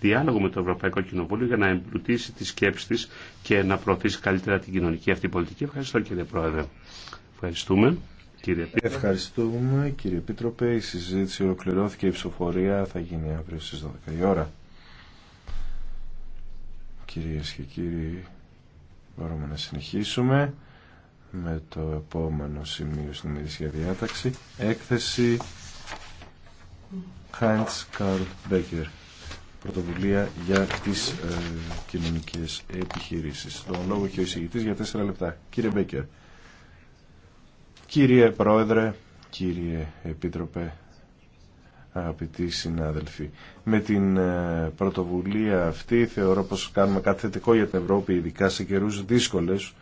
διάλογο με το Ευρωπαϊκό Κοινοβούλιο για να εμπλουτίσει τη σκέψη της και να προωθήσει καλύτερα την κοινωνική αυτή πολιτική. Ευχαριστώ κύριε Πρόεδρε. Ευχαριστούμε. Κύριε Ευχαριστούμε κύριε Επίτροπε. Η συζήτηση ολοκληρώθηκε. Η ψηφοφορία θα γίνει αύριο στις 12 η ώρα. Κυρίες και κύριοι, μπορούμε να συνεχίσουμε με το επόμενο σημείο στην ημερήσια διάταξη. Έκθεση Heinz Karl Becker πρωτοβουλία για τις ε, κοινωνικές επιχειρήσεις. Τον λόγο και ο εισηγητής για τέσσερα λεπτά. Κύριε Μπέκερ, κύριε Πρόεδρε, κύριε Επίτροπε, αγαπητοί συνάδελφοι. Με την ε, πρωτοβουλία αυτή θεωρώ πως κάνουμε κάτι θετικό για την Ευρώπη, ειδικά σε καιρούς δύσκολες,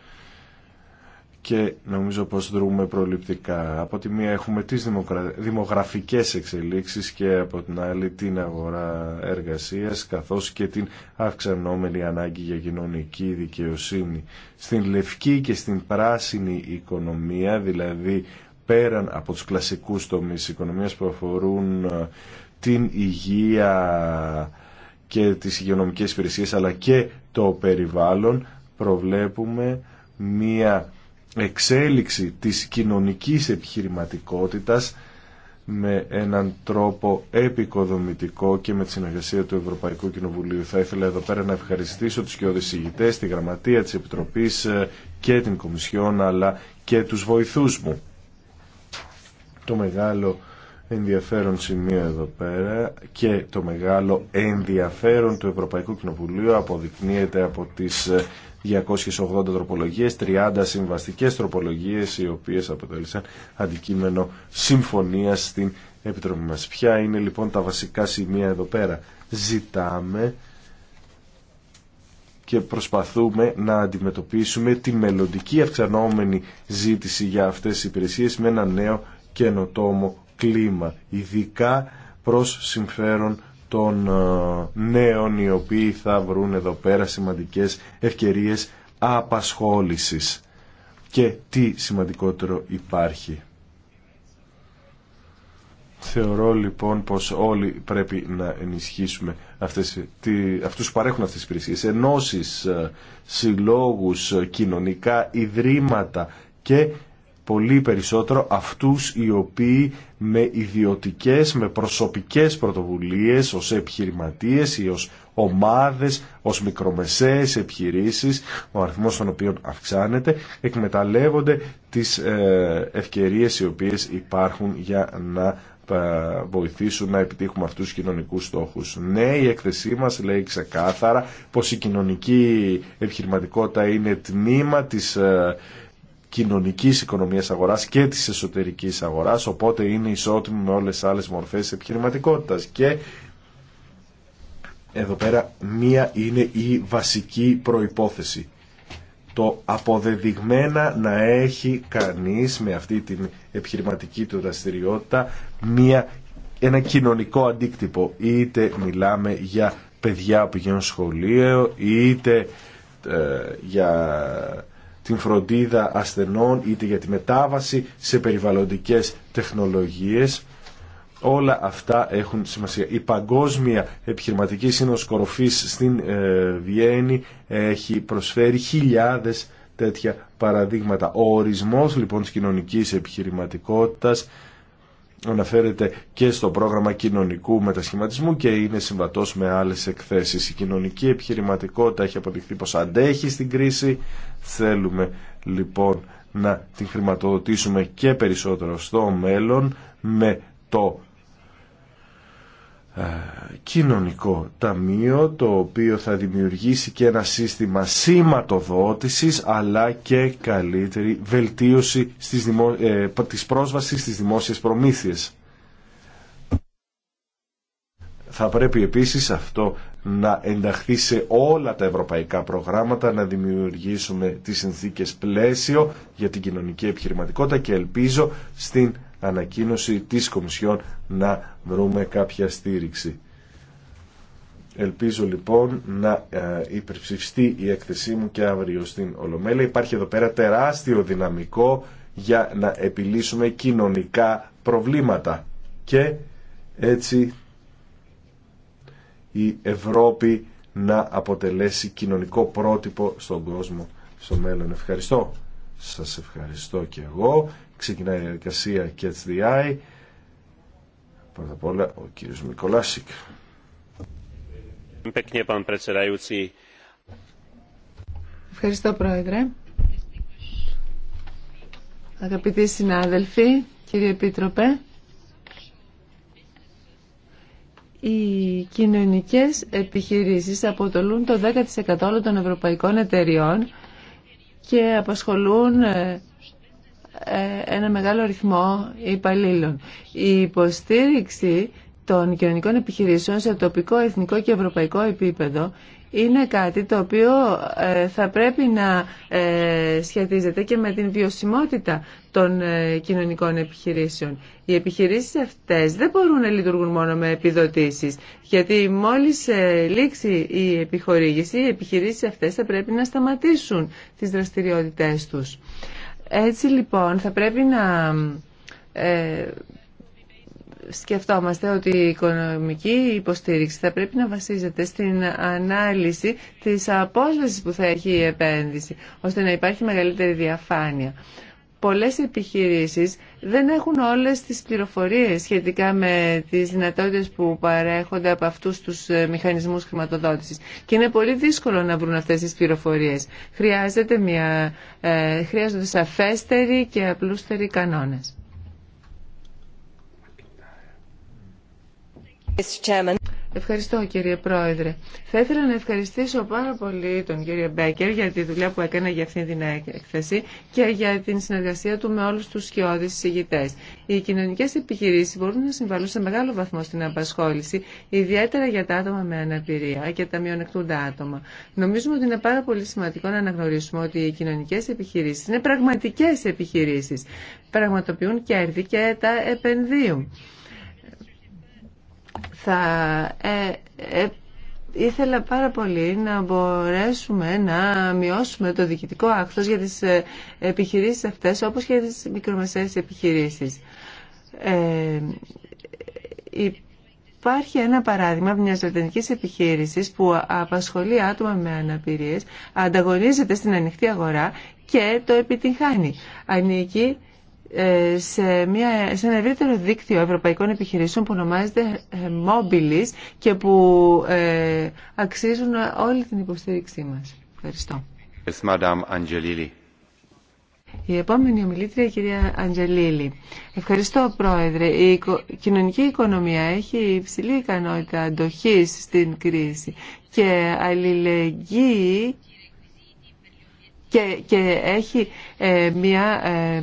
και νομίζω πως δρούμε προληπτικά. Από τη μία έχουμε τις δημογραφικές εξελίξεις και από την άλλη την αγορά εργασίας καθώς και την αυξανόμενη ανάγκη για κοινωνική δικαιοσύνη. Στην λευκή και στην πράσινη οικονομία, δηλαδή πέραν από τους κλασικούς τομείς οικονομίας που αφορούν ε, την υγεία και τις υγειονομικές υπηρεσίες αλλά και το περιβάλλον, προβλέπουμε μία εξέλιξη της κοινωνικής επιχειρηματικότητας με έναν τρόπο επικοδομητικό και με τη συνεργασία του Ευρωπαϊκού Κοινοβουλίου. Θα ήθελα εδώ πέρα να ευχαριστήσω τους και οδησηγητές, τη Γραμματεία της Επιτροπής ε, και την Κομισιόν αλλά και τους βοηθούς μου. Το μεγάλο ενδιαφέρον σημείο εδώ πέρα και το μεγάλο ενδιαφέρον του Ευρωπαϊκού Κοινοβουλίου αποδεικνύεται από τις ε, 280 τροπολογίες, 30 συμβαστικές τροπολογίες οι οποίες αποτέλεσαν αντικείμενο συμφωνίας στην Επιτροπή μας. Ποια είναι λοιπόν τα βασικά σημεία εδώ πέρα. Ζητάμε και προσπαθούμε να αντιμετωπίσουμε τη μελλοντική αυξανόμενη ζήτηση για αυτές τις υπηρεσίες με ένα νέο καινοτόμο κλίμα, ειδικά προς συμφέρον των ε, νέων οι οποίοι θα βρουν εδώ πέρα σημαντικές ευκαιρίες απασχόλησης. Και τι σημαντικότερο υπάρχει. Θεωρώ λοιπόν πως όλοι πρέπει να ενισχύσουμε αυτές, αυτούς που παρέχουν αυτές τις υπηρεσίες, ενώσεις, ε, συλλόγους, ε, κοινωνικά ιδρύματα και πολύ περισσότερο αυτούς οι οποίοι με ιδιωτικές, με προσωπικές πρωτοβουλίες, ως επιχειρηματίες ή ως ομάδες, ως μικρομεσαίες επιχειρήσεις, ο αριθμός των οποίων αυξάνεται, εκμεταλλεύονται τις ε, ευκαιρίες οι οποίες υπάρχουν για να ε, βοηθήσουν να επιτύχουμε αυτούς τους κοινωνικούς στόχους. Ναι, η έκθεσή μας λέει ξεκάθαρα πως η κοινωνική επιχειρηματικότητα είναι τμήμα της ε, κοινωνικής οικονομίας αγοράς και της εσωτερικής αγοράς, οπότε είναι ισότιμη με όλες τις άλλες μορφές επιχειρηματικότητας. Και εδώ πέρα μία είναι η βασική προϋπόθεση. Το αποδεδειγμένα να έχει κανείς με αυτή την επιχειρηματική του δραστηριότητα μία, ένα κοινωνικό αντίκτυπο. Είτε μιλάμε για παιδιά που πηγαίνουν σχολείο, είτε ε, για την φροντίδα ασθενών είτε για τη μετάβαση σε περιβαλλοντικές τεχνολογίες. Όλα αυτά έχουν σημασία. Η Παγκόσμια Επιχειρηματική Σύνοδος Κοροφής στην ε, Βιέννη έχει προσφέρει χιλιάδες τέτοια παραδείγματα. Ο ορισμός λοιπόν της κοινωνικής επιχειρηματικότητας αναφέρεται και στο πρόγραμμα κοινωνικού μετασχηματισμού και είναι συμβατός με άλλες εκθέσεις. Η κοινωνική επιχειρηματικότητα έχει αποδειχθεί πως αντέχει στην κρίση. Θέλουμε λοιπόν να την χρηματοδοτήσουμε και περισσότερο στο μέλλον με το ε, κοινωνικό ταμείο το οποίο θα δημιουργήσει και ένα σύστημα σήματοδότησης αλλά και καλύτερη βελτίωση στις δημο... Ε, της πρόσβασης στις δημόσιες προμήθειες. Θα πρέπει επίσης αυτό να ενταχθεί σε όλα τα ευρωπαϊκά προγράμματα, να δημιουργήσουμε τις συνθήκες πλαίσιο για την κοινωνική επιχειρηματικότητα και ελπίζω στην ανακοίνωση της Κομισιόν να βρούμε κάποια στήριξη. Ελπίζω λοιπόν να ε, υπερψηφιστεί η έκθεσή μου και αύριο στην Ολομέλεια. Υπάρχει εδώ πέρα τεράστιο δυναμικό για να επιλύσουμε κοινωνικά προβλήματα και έτσι η Ευρώπη να αποτελέσει κοινωνικό πρότυπο στον κόσμο στο μέλλον. Ευχαριστώ. Σας ευχαριστώ και εγώ ξεκινάει η διαδικασία Catch the Eye. Πρώτα απ' όλα ο κύριος Μικολάσικ. Ευχαριστώ Πρόεδρε. Αγαπητοί συνάδελφοι, κύριε Επίτροπε, οι κοινωνικές επιχειρήσεις αποτελούν το 10% όλων των ευρωπαϊκών εταιριών και απασχολούν ε, ε, ένα μεγάλο αριθμό υπαλλήλων. Η υποστήριξη των κοινωνικών επιχειρήσεων σε τοπικό, εθνικό και ευρωπαϊκό επίπεδο είναι κάτι το οποίο ε, θα πρέπει να ε, σχετίζεται και με την βιωσιμότητα των κοινωνικών επιχειρήσεων. Οι επιχειρήσεις αυτές δεν μπορούν να λειτουργούν μόνο με επιδοτήσεις, γιατί μόλις λήξει η επιχορήγηση, οι επιχειρήσεις αυτές θα πρέπει να σταματήσουν τις δραστηριότητές τους. Έτσι λοιπόν θα πρέπει να ε, σκεφτόμαστε ότι η οικονομική υποστήριξη θα πρέπει να βασίζεται στην ανάλυση της απόσβεσης που θα έχει η επένδυση, ώστε να υπάρχει μεγαλύτερη διαφάνεια πολλές επιχειρήσεις δεν έχουν όλες τις πληροφορίες σχετικά με τις δυνατότητες που παρέχονται από αυτούς τους ε, μηχανισμούς χρηματοδότησης. Και είναι πολύ δύσκολο να βρουν αυτές τις πληροφορίες. Χρειάζεται μια, ε, χρειάζονται σαφέστεροι και απλούστεροι κανόνες. Ευχαριστώ κύριε Πρόεδρε. Θα ήθελα να ευχαριστήσω πάρα πολύ τον κύριο Μπέκερ για τη δουλειά που έκανε για αυτήν την έκθεση και για την συνεργασία του με όλους τους σκιώδεις συγητές. Οι κοινωνικές επιχειρήσεις μπορούν να συμβαλούν σε μεγάλο βαθμό στην απασχόληση, ιδιαίτερα για τα άτομα με αναπηρία και τα μειονεκτούντα άτομα. Νομίζουμε ότι είναι πάρα πολύ σημαντικό να αναγνωρίσουμε ότι οι κοινωνικές επιχειρήσεις είναι πραγματικές επιχειρήσεις. Πραγματοποιούν κέρδη και τα επενδύουν. Θα ε, ε, ήθελα πάρα πολύ να μπορέσουμε να μειώσουμε το διοικητικό άκθος για τις ε, επιχειρήσεις αυτές όπως και για τις μικρομεσαίες επιχειρήσεις. Ε, υπάρχει ένα παράδειγμα μια λατινικής επιχείρησης που απασχολεί άτομα με αναπηρίες, ανταγωνίζεται στην ανοιχτή αγορά και το επιτυγχάνει. Ανήκει ε, σε, μια, σε ένα ευρύτερο δίκτυο ευρωπαϊκών επιχειρήσεων που ονομάζεται ε, Mobilis και που ε, αξίζουν όλη την υποστήριξή μας. Ευχαριστώ. Η επόμενη ομιλήτρια, η κυρία Αντζελίλη. Ευχαριστώ, Πρόεδρε. Η κοινωνική οικονομία έχει υψηλή ικανότητα αντοχής στην κρίση και αλληλεγγύη και, έχει ε, μια ε,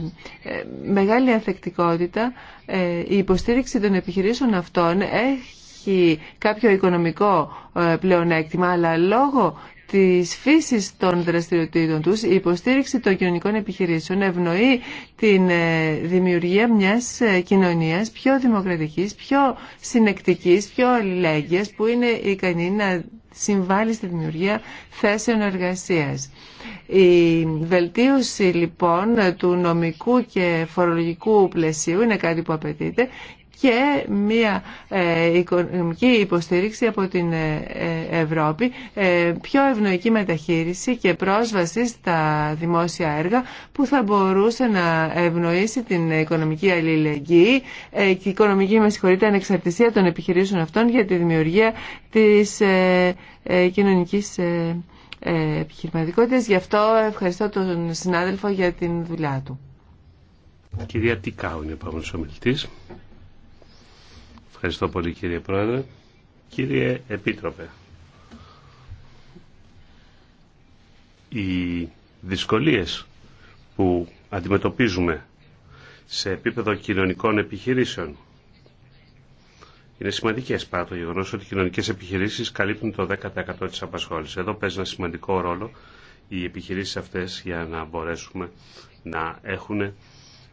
ε, μεγάλη ανθεκτικότητα. η υποστήριξη των επιχειρήσεων αυτών έχει κάποιο οικονομικό πλεονέκτημα, αλλά λόγω της φύσης των δραστηριοτήτων τους, η υποστήριξη των κοινωνικών επιχειρήσεων ευνοεί την δημιουργία μιας κοινωνίας πιο δημοκρατικής, πιο συνεκτικής, πιο αλληλέγγυας, που είναι ικανή να συμβάλλει στη δημιουργία θέσεων εργασίας. Η βελτίωση λοιπόν του νομικού και φορολογικού πλαισίου είναι κάτι που απαιτείται και μια ε, οικονομική υποστήριξη από την ε, Ευρώπη, ε, πιο ευνοϊκή μεταχείριση και πρόσβαση στα δημόσια έργα που θα μπορούσε να ευνοήσει την οικονομική αλληλεγγύη και η οικονομική, με συγχωρείτε, ανεξαρτησία των επιχειρήσεων αυτών για τη δημιουργία της κοινωνικής επιχειρηματικότητας. Γι' αυτό ευχαριστώ τον συνάδελφο για την δουλειά του. Κυρία Τικάου είναι ο Ευχαριστώ πολύ κύριε Πρόεδρε. Κύριε Επίτροπε, οι δυσκολίες που αντιμετωπίζουμε σε επίπεδο κοινωνικών επιχειρήσεων είναι σημαντικέ παρά το γεγονό ότι οι κοινωνικέ επιχειρήσει καλύπτουν το 10% τη απασχόληση. Εδώ παίζει ένα σημαντικό ρόλο οι επιχειρήσει αυτέ για να μπορέσουμε να έχουν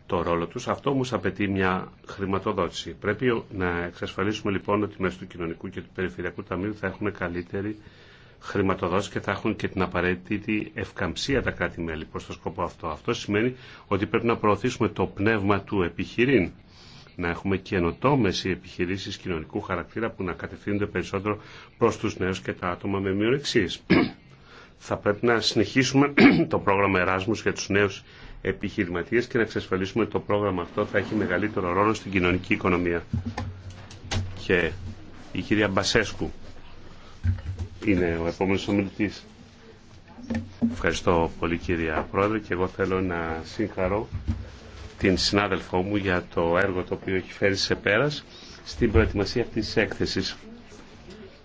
το ρόλο τους. Αυτό όμως απαιτεί μια χρηματοδότηση. Πρέπει να εξασφαλίσουμε λοιπόν ότι μέσω του Κοινωνικού και του Περιφερειακού Ταμείου θα έχουν καλύτερη χρηματοδότηση και θα έχουν και την απαραίτητη ευκαμψία τα κράτη-μέλη προς το σκοπό αυτό. Αυτό σημαίνει ότι πρέπει να προωθήσουμε το πνεύμα του επιχειρήν να έχουμε καινοτόμε επιχειρήσει κοινωνικού χαρακτήρα που να κατευθύνονται περισσότερο προ του νέου και τα άτομα με μειονεξίε. θα πρέπει να συνεχίσουμε το πρόγραμμα Εράσμου για του νέου επιχειρηματίες και να εξασφαλίσουμε ότι το πρόγραμμα αυτό θα έχει μεγαλύτερο ρόλο στην κοινωνική οικονομία. Και η κυρία Μπασέσκου είναι ο επόμενος ομιλητής. Ευχαριστώ πολύ κυρία Πρόεδρε και εγώ θέλω να συγχαρώ την συνάδελφό μου για το έργο το οποίο έχει φέρει σε πέρας στην προετοιμασία αυτής της έκθεσης.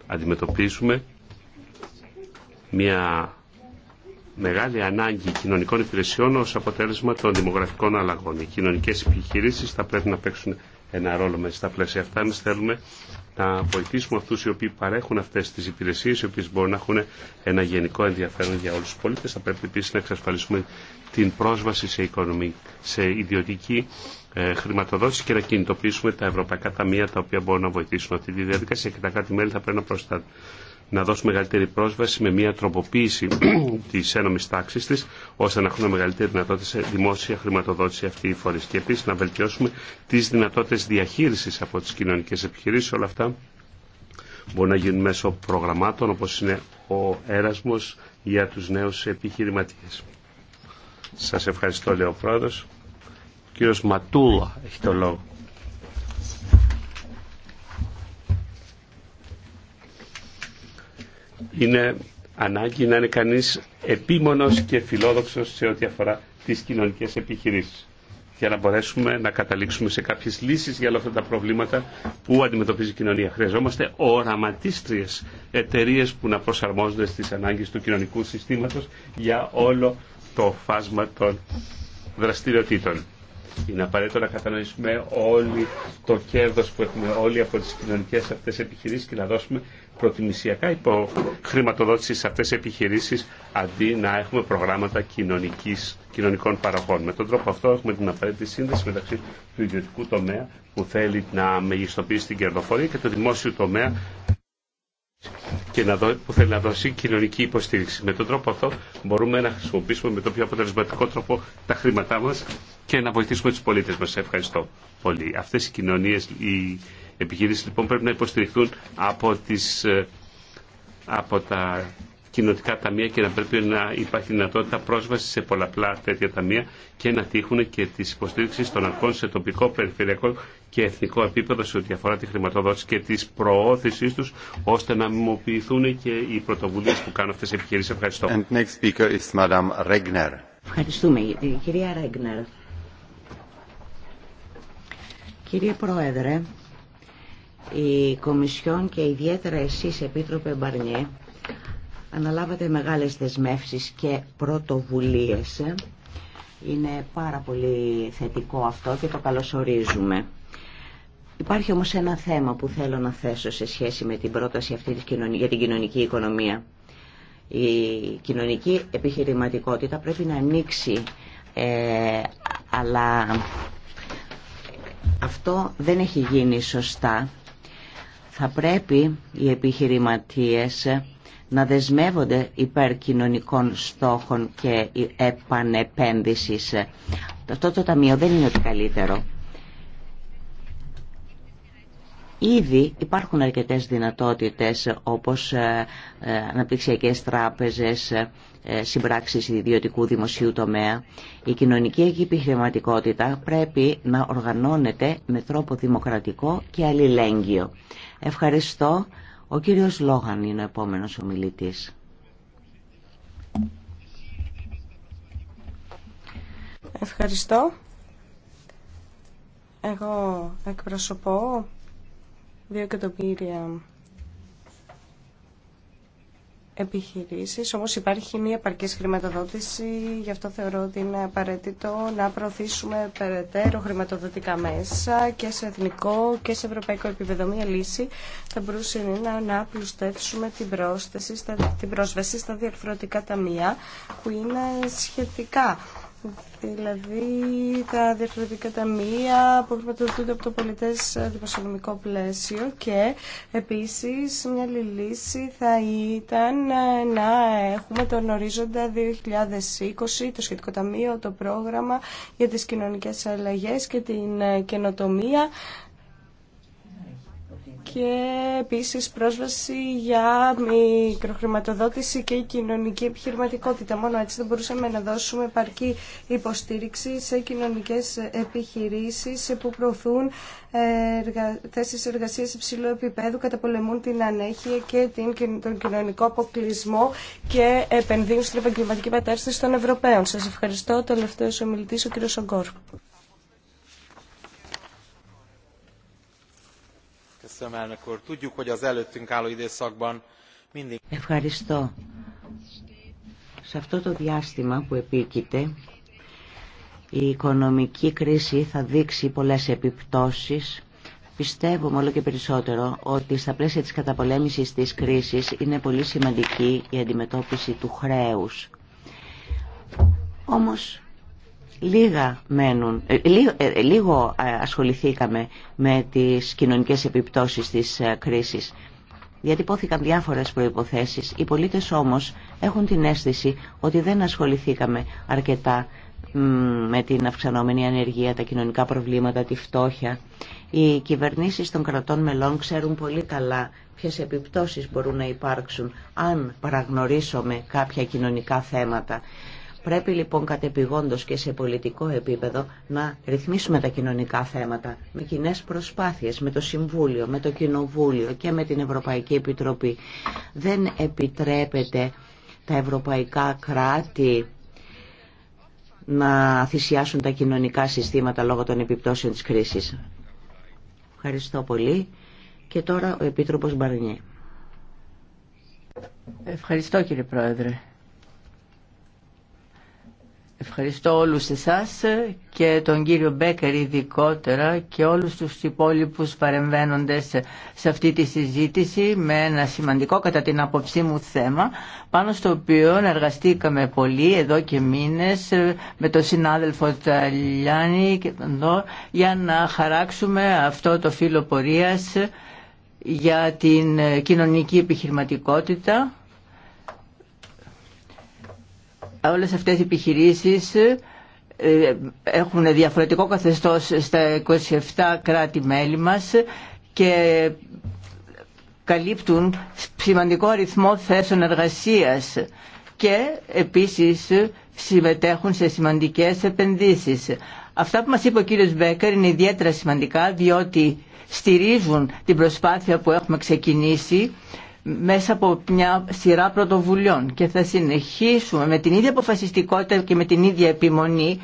Αντιμετωπίσουμε μια μεγάλη ανάγκη κοινωνικών υπηρεσιών ως αποτέλεσμα των δημογραφικών αλλαγών. Οι κοινωνικές επιχειρήσεις θα πρέπει να παίξουν ένα ρόλο μέσα στα πλαίσια αυτά. Εμείς θέλουμε να βοηθήσουμε αυτούς οι οποίοι παρέχουν αυτές τις υπηρεσίες, οι οποίες μπορούν να έχουν ένα γενικό ενδιαφέρον για όλους τους πολίτες. Θα πρέπει επίσης να εξασφαλίσουμε την πρόσβαση σε, οικονομή, σε ιδιωτική ε, χρηματοδότηση και να κινητοποιήσουμε τα ευρωπαϊκά ταμεία τα οποία μπορούν να βοηθήσουν αυτή τη διαδικασία και τα κράτη-μέλη θα πρέπει να προστατεύουν να δώσουμε μεγαλύτερη πρόσβαση με μια τροποποίηση τη ένωμη τάξη τη, ώστε να έχουμε μεγαλύτερη δυνατότητα σε δημόσια χρηματοδότηση αυτή η φορή. Και επίση να βελτιώσουμε τι δυνατότητε διαχείριση από τι κοινωνικέ επιχειρήσει. Όλα αυτά μπορεί να γίνουν μέσω προγραμμάτων όπω είναι ο έρασμο για του νέου επιχειρηματίε. Σα ευχαριστώ, λέει ο πρόεδρο. κύριος Ματούλα έχει το λόγο. είναι ανάγκη να είναι κανείς επίμονος και φιλόδοξος σε ό,τι αφορά τις κοινωνικές επιχειρήσεις για να μπορέσουμε να καταλήξουμε σε κάποιες λύσεις για όλα αυτά τα προβλήματα που αντιμετωπίζει η κοινωνία. Χρειαζόμαστε οραματίστριες εταιρείες που να προσαρμόζονται στις ανάγκες του κοινωνικού συστήματος για όλο το φάσμα των δραστηριοτήτων. Είναι απαραίτητο να κατανοήσουμε όλοι το κέρδος που έχουμε όλοι από τις κοινωνικές αυτές επιχειρήσεις και να δώσουμε προτιμησιακά υπό χρηματοδότηση σε αυτές τις επιχειρήσεις αντί να έχουμε προγράμματα κοινωνικής, κοινωνικών παροχών. Με τον τρόπο αυτό έχουμε την απαραίτητη σύνδεση μεταξύ του ιδιωτικού τομέα που θέλει να μεγιστοποιήσει την κερδοφορία και του δημόσιου τομέα και να δω, που θέλει να δώσει κοινωνική υποστήριξη. Με τον τρόπο αυτό μπορούμε να χρησιμοποιήσουμε με τον πιο αποτελεσματικό τρόπο τα χρήματά μας και να βοηθήσουμε τους πολίτες μας. Ευχαριστώ πολύ. Αυτές οι κοινωνίες, επιχειρήσεις λοιπόν πρέπει να υποστηριχθούν από, τις, ε, από τα κοινοτικά ταμεία και να πρέπει να υπάρχει δυνατότητα πρόσβαση σε πολλαπλά τέτοια ταμεία και να τύχουν και τη υποστήριξη των αρχών σε τοπικό, περιφερειακό και εθνικό επίπεδο σε ό,τι αφορά τη χρηματοδότηση και τη προώθησή του, ώστε να μιμοποιηθούν και οι πρωτοβουλίε που κάνουν αυτέ οι επιχειρήσει. Ευχαριστώ. And next Ευχαριστούμε, κυρία Ρέγνερ. Κύριε Πρόεδρε, η Κομισιόν και ιδιαίτερα εσείς, Επίτροπε Μπαρνιέ, αναλάβατε μεγάλες δεσμεύσει και πρωτοβουλίες. Είναι πάρα πολύ θετικό αυτό και το καλωσορίζουμε. Υπάρχει όμως ένα θέμα που θέλω να θέσω σε σχέση με την πρόταση αυτή για την κοινωνική οικονομία. Η κοινωνική επιχειρηματικότητα πρέπει να ανοίξει, ε, αλλά αυτό δεν έχει γίνει σωστά θα πρέπει οι επιχειρηματίες να δεσμεύονται υπέρ κοινωνικών στόχων και επανεπένδυσης. Αυτό το ταμείο δεν είναι το καλύτερο. Ήδη υπάρχουν αρκετές δυνατότητες όπως ε, ε, αναπτυξιακές τράπεζες, ε, συμπράξεις ιδιωτικού δημοσίου τομέα. Η κοινωνική επιχειρηματικότητα πρέπει να οργανώνεται με τρόπο δημοκρατικό και αλληλέγγυο. Ευχαριστώ. Ο κύριος Λόγαν είναι ο επόμενος ομιλητής. Ευχαριστώ. Εγώ εκπροσωπώ δύο εκατομμύρια επιχειρήσεις, όμως υπάρχει μια επαρκής χρηματοδότηση, γι' αυτό θεωρώ ότι είναι απαραίτητο να προωθήσουμε περαιτέρω χρηματοδοτικά μέσα και σε εθνικό και σε ευρωπαϊκό επίπεδο. Μια λύση θα μπορούσε να, να την, πρόσθεση, την πρόσβαση στα διαρθρωτικά ταμεία που είναι σχετικά δηλαδή τα διαφορετικά ταμεία που χρηματοδοτούνται από το πολιτές δημοσιονομικό πλαίσιο και επίσης μια άλλη λύση θα ήταν να έχουμε τον ορίζοντα 2020, το σχετικό ταμείο, το πρόγραμμα για τις κοινωνικές αλλαγές και την καινοτομία και επίσης πρόσβαση για μικροχρηματοδότηση και κοινωνική επιχειρηματικότητα. Μόνο έτσι δεν μπορούσαμε να δώσουμε επαρκή υποστήριξη σε κοινωνικές επιχειρήσεις που προωθούν εργα... θέσεις εργασίας υψηλού επίπεδου, καταπολεμούν την ανέχεια και την... τον κοινωνικό αποκλεισμό και επενδύουν στην επαγγελματική μετάρρυνση των Ευρωπαίων. Σας ευχαριστώ. Τελευταίος ομιλητής ο κ. Σογκόρ. Ευχαριστώ. Σε αυτό το διάστημα που επίκειται, η οικονομική κρίση θα δείξει πολλές επιπτώσεις. Πιστεύουμε όλο και περισσότερο ότι στα πλαίσια της καταπολέμησης της κρίσης είναι πολύ σημαντική η αντιμετώπιση του χρέους. Όμως Λίγα μένουν, ε, ε, ε, λίγο ασχοληθήκαμε με τις κοινωνικές επιπτώσεις της κρίσης. Διατυπώθηκαν διάφορες προϋποθέσεις. Οι πολίτες όμως έχουν την αίσθηση ότι δεν ασχοληθήκαμε αρκετά με την αυξανόμενη ανεργία, τα κοινωνικά προβλήματα, τη φτώχεια. Οι κυβερνήσεις των κρατών μελών ξέρουν πολύ καλά ποιες επιπτώσεις μπορούν να υπάρξουν αν παραγνωρίσουμε κάποια κοινωνικά θέματα. Πρέπει λοιπόν κατεπηγόντως και σε πολιτικό επίπεδο να ρυθμίσουμε τα κοινωνικά θέματα με κοινέ προσπάθειες, με το Συμβούλιο, με το Κοινοβούλιο και με την Ευρωπαϊκή Επιτροπή. Δεν επιτρέπεται τα ευρωπαϊκά κράτη να θυσιάσουν τα κοινωνικά συστήματα λόγω των επιπτώσεων της κρίσης. Ευχαριστώ πολύ. Και τώρα ο Επίτροπος Μπαρνιέ. Ευχαριστώ κύριε Πρόεδρε. Ευχαριστώ όλους εσάς και τον κύριο Μπέκερ ειδικότερα και όλους τους υπόλοιπους παρεμβαίνοντες σε αυτή τη συζήτηση με ένα σημαντικό κατά την άποψή μου θέμα πάνω στο οποίο εργαστήκαμε πολύ εδώ και μήνες με τον συνάδελφο Ταλιάνη για να χαράξουμε αυτό το φύλλο πορείας για την κοινωνική επιχειρηματικότητα όλες αυτές οι επιχειρήσεις ε, έχουν διαφορετικό καθεστώς στα 27 κράτη-μέλη μας και καλύπτουν σημαντικό αριθμό θέσεων εργασίας και επίσης συμμετέχουν σε σημαντικές επενδύσεις. Αυτά που μας είπε ο κύριος Μπέκερ είναι ιδιαίτερα σημαντικά διότι στηρίζουν την προσπάθεια που έχουμε ξεκινήσει μέσα από μια σειρά πρωτοβουλειών και θα συνεχίσουμε με την ίδια αποφασιστικότητα και με την ίδια επιμονή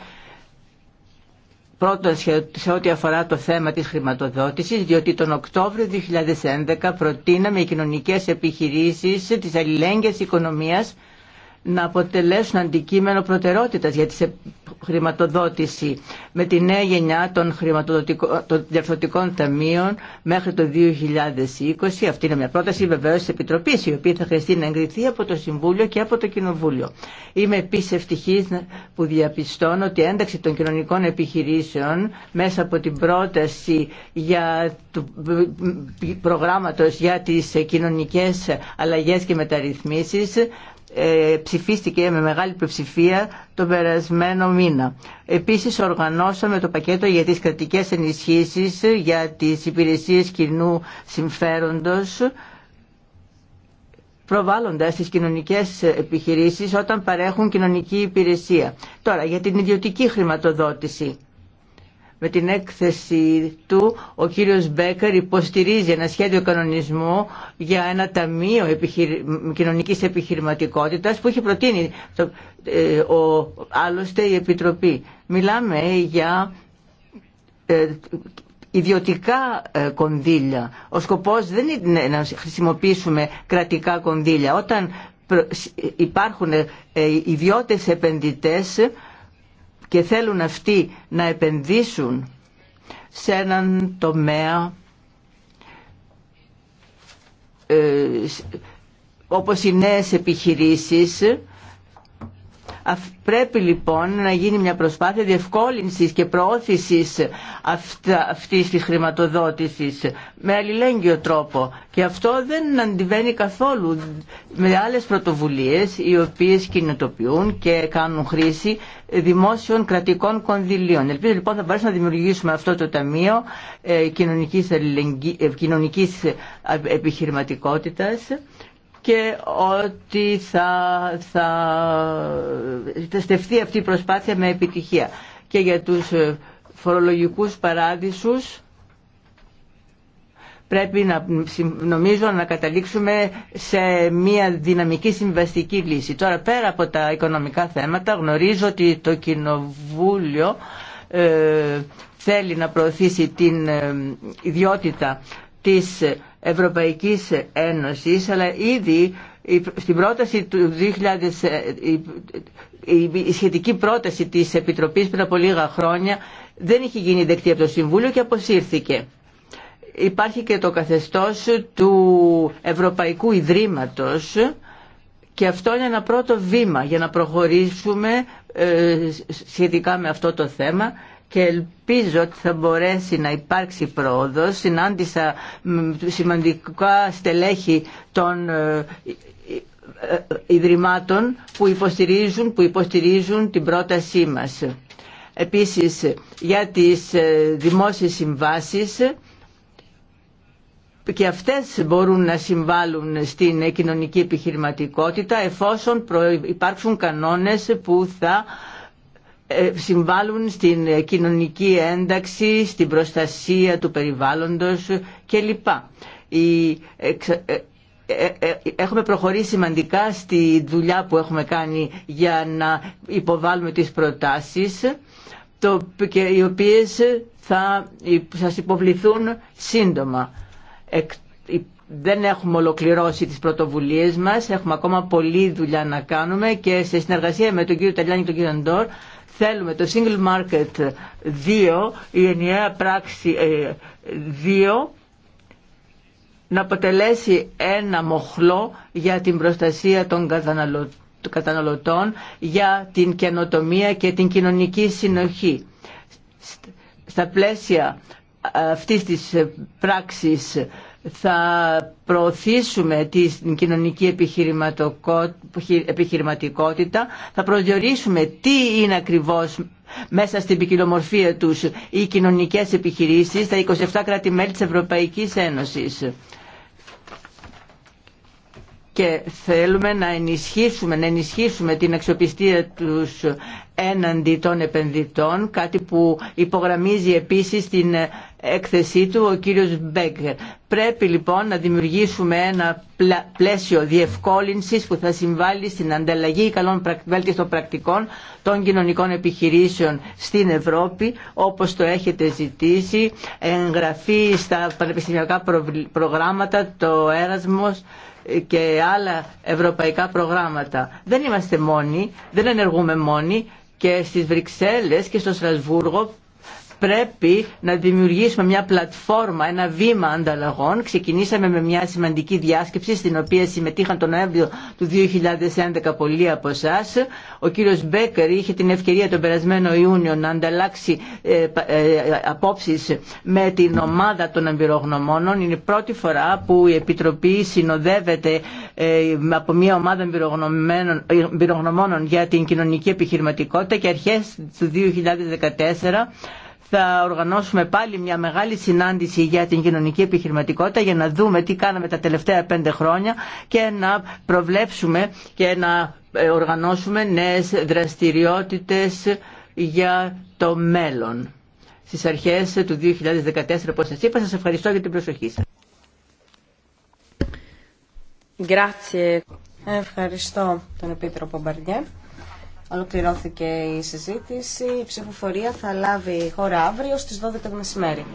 πρώτον σε ό,τι αφορά το θέμα της χρηματοδότησης, διότι τον Οκτώβριο 2011 προτείναμε οι κοινωνικές επιχειρήσεις της αλληλέγγυας οικονομίας να αποτελέσουν αντικείμενο προτερότητας για τη χρηματοδότηση με τη νέα γενιά των, των ταμείων μέχρι το 2020. Αυτή είναι μια πρόταση βεβαίω τη Επιτροπή, η οποία θα χρειαστεί να εγκριθεί από το Συμβούλιο και από το Κοινοβούλιο. Είμαι επίση ευτυχή που διαπιστώνω ότι η ένταξη των κοινωνικών επιχειρήσεων μέσα από την πρόταση για του προγράμματο για τι κοινωνικέ αλλαγέ και μεταρρυθμίσει ε, ψηφίστηκε με μεγάλη πλειοψηφία τον περασμένο μήνα. Επίσης οργανώσαμε το πακέτο για τις κρατικές ενισχύσεις για τις υπηρεσίες κοινού συμφέροντος προβάλλοντας τις κοινωνικές επιχειρήσεις όταν παρέχουν κοινωνική υπηρεσία. Τώρα, για την ιδιωτική χρηματοδότηση με την έκθεση του ο κύριος Μπέκερ υποστηρίζει ένα σχέδιο κανονισμού για ένα ταμείο επιχειρη... κοινωνικής επιχειρηματικότητας που έχει προτείνει το... Ε, ο... άλλωστε η Επιτροπή. Μιλάμε για ε, ιδιωτικά ε, κονδύλια. Ο σκοπός δεν είναι να χρησιμοποιήσουμε κρατικά κονδύλια. Όταν υπάρχουν ιδιώτες επενδυτές και θέλουν αυτοί να επενδύσουν σε έναν τομέα ε, όπως οι νέες επιχειρήσεις Πρέπει λοιπόν να γίνει μια προσπάθεια διευκόλυνσης και προώθησης αυτής της χρηματοδότησης με αλληλέγγυο τρόπο και αυτό δεν αντιβαίνει καθόλου με άλλες πρωτοβουλίες οι οποίες κινητοποιούν και κάνουν χρήση δημόσιων κρατικών κονδυλίων. Ελπίζω λοιπόν θα μπορέσουμε να δημιουργήσουμε αυτό το Ταμείο ε, κοινωνικής, ε, κοινωνικής ε, Επιχειρηματικότητας και ότι θα, θα, θα αυτή η προσπάθεια με επιτυχία. Και για τους φορολογικούς παράδεισους πρέπει να, νομίζω να καταλήξουμε σε μια δυναμική συμβαστική λύση. Τώρα πέρα από τα οικονομικά θέματα γνωρίζω ότι το Κοινοβούλιο ε, θέλει να προωθήσει την ε, ιδιότητα της Ευρωπαϊκής Ένωσης αλλά ήδη στην πρόταση του 2000 ε, η σχετική πρόταση της Επιτροπής πριν από λίγα χρόνια δεν είχε γίνει δεκτή από το Συμβούλιο και αποσύρθηκε. Υπάρχει και το καθεστώς του Ευρωπαϊκού Ιδρύματος και αυτό είναι ένα πρώτο βήμα για να προχωρήσουμε ε, σχετικά με αυτό το θέμα και ελπίζω ότι θα μπορέσει να υπάρξει πρόοδος. Συνάντησα σημαντικά στελέχη των ε, ε, ιδρυμάτων που υποστηρίζουν, που υποστηρίζουν την πρότασή μας. Επίσης, για τις ε, δημόσιες συμβάσεις και αυτές μπορούν να συμβάλλουν στην κοινωνική επιχειρηματικότητα εφόσον υπάρξουν κανόνες που θα ε, συμβάλλουν στην κοινωνική ένταξη, στην προστασία του περιβάλλοντος κλπ. Ε, ε, έχουμε προχωρήσει σημαντικά στη δουλειά που έχουμε κάνει για να υποβάλουμε τις προτάσεις το οι οποίες θα σας υποβληθούν σύντομα. Δεν έχουμε ολοκληρώσει τις πρωτοβουλίες μας, έχουμε ακόμα πολλή δουλειά να κάνουμε και σε συνεργασία με τον κύριο Τελιάνη και τον κύριο Ντόρ θέλουμε το Single Market 2, η ενιαία πράξη 2, ε, να αποτελέσει ένα μοχλό για την προστασία των καταναλωτών, για την καινοτομία και την κοινωνική συνοχή. Στα πλαίσια ε, αυτής της ε, πράξης θα προωθήσουμε την κοινωνική επιχειρηματικότητα, θα προσδιορίσουμε τι είναι ακριβώς μέσα στην ποικιλομορφία τους οι κοινωνικές επιχειρήσεις στα 27 κράτη-μέλη της Ευρωπαϊκής Ένωσης και θέλουμε να ενισχύσουμε, να ενισχύσουμε την αξιοπιστία τους έναντι των επενδυτών, κάτι που υπογραμμίζει επίσης την έκθεσή του ο κύριος Μπέγκερ. Πρέπει λοιπόν να δημιουργήσουμε ένα πλαίσιο διευκόλυνσης που θα συμβάλλει στην ανταλλαγή καλών βέλτιστων πρακτικών των κοινωνικών επιχειρήσεων στην Ευρώπη, όπως το έχετε ζητήσει, εγγραφή στα πανεπιστημιακά προγράμματα, το έρασμος, και άλλα ευρωπαϊκά προγράμματα. Δεν είμαστε μόνοι, δεν ενεργούμε μόνοι και στις Βρυξέλλες και στο Στρασβούργο πρέπει να δημιουργήσουμε μια πλατφόρμα, ένα βήμα ανταλλαγών. Ξεκινήσαμε με μια σημαντική διάσκεψη στην οποία συμμετείχαν τον Νοέμβριο του 2011 πολλοί από εσά. Ο κύριος Μπέκερ είχε την ευκαιρία τον περασμένο Ιούνιο να ανταλλάξει ε, ε, απόψεις με την ομάδα των εμπειρογνωμόνων. Είναι η πρώτη φορά που η Επιτροπή συνοδεύεται ε, από μια ομάδα εμπειρογνωμόνων για την κοινωνική επιχειρηματικότητα και αρχές του 2014 θα οργανώσουμε πάλι μια μεγάλη συνάντηση για την κοινωνική επιχειρηματικότητα για να δούμε τι κάναμε τα τελευταία πέντε χρόνια και να προβλέψουμε και να ε, οργανώσουμε νέες δραστηριότητες για το μέλλον. Στις αρχές του 2014, όπως σας είπα, σας ευχαριστώ για την προσοχή σας. Ευχαριστώ τον Επίτροπο Ολοκληρώθηκε η συζήτηση. Η ψηφοφορία θα λάβει χώρα αύριο στις 12 το μεσημέρι.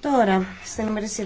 Τώρα, στην